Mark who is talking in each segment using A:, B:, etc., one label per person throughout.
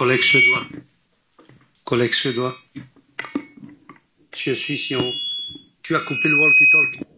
A: Collègue suédois. Collègue suédois. Monsieur Suission, tu as coupé le walkie-talkie.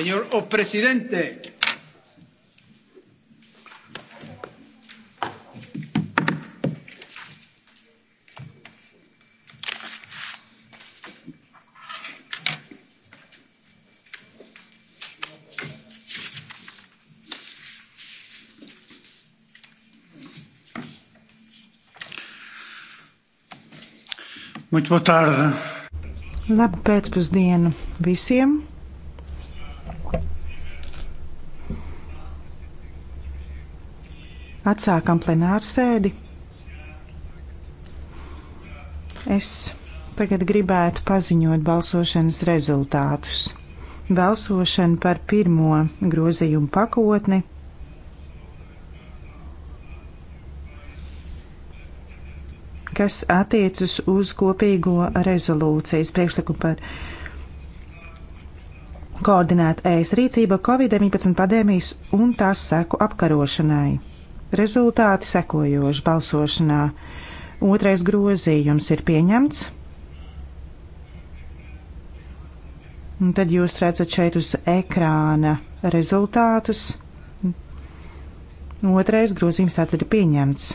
A: Señor o presidente. Muito boa tarde.
B: Labu pēcpusdienu visiem. Atsākam plenāru sēdi. Es tagad gribētu paziņot balsošanas rezultātus. Balsošana par pirmo grozījumu pakotni kas attiecas uz kopīgo rezolūcijas priekšlikumu par koordinētu ēs rīcību Covid-19 pandēmijas un tās seku apkarošanai. Rezultāti sekojoši balsošanā. Otrais grozījums ir pieņemts. Un tad jūs redzat šeit uz ekrāna rezultātus. Otrais grozījums tātad ir pieņemts.